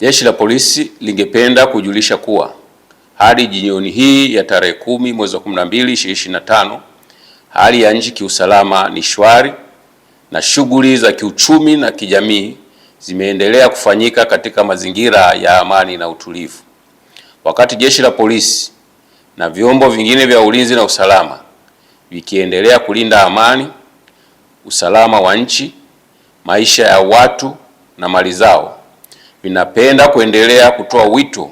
Jeshi la Polisi lingependa kujulisha kuwa hadi jioni hii ya tarehe kumi mwezi wa 12 2025, hali ya nchi kiusalama ni shwari na shughuli za kiuchumi na kijamii zimeendelea kufanyika katika mazingira ya amani na utulivu. Wakati Jeshi la Polisi na vyombo vingine vya ulinzi na usalama vikiendelea kulinda amani, usalama wa nchi, maisha ya watu na mali zao vinapenda kuendelea kutoa wito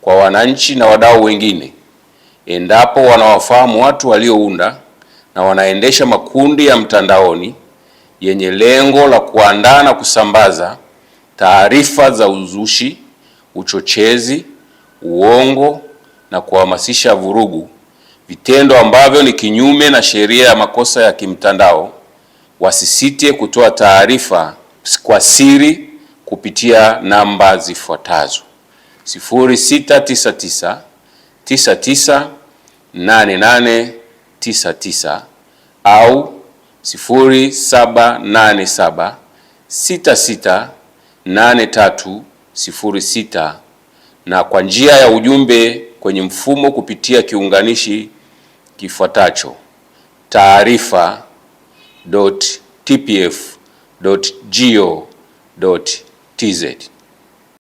kwa wananchi na wadau wengine, endapo wanawafahamu watu waliounda na wanaendesha makundi ya mtandaoni yenye lengo la kuandaa na kusambaza taarifa za uzushi, uchochezi, uongo na kuhamasisha vurugu, vitendo ambavyo ni kinyume na sheria ya makosa ya kimtandao, wasisite kutoa taarifa kwa siri kupitia namba zifuatazo 0699 99 au 0787 na kwa njia ya ujumbe kwenye mfumo kupitia kiunganishi kifuatacho taarifa.tpf.go TZ.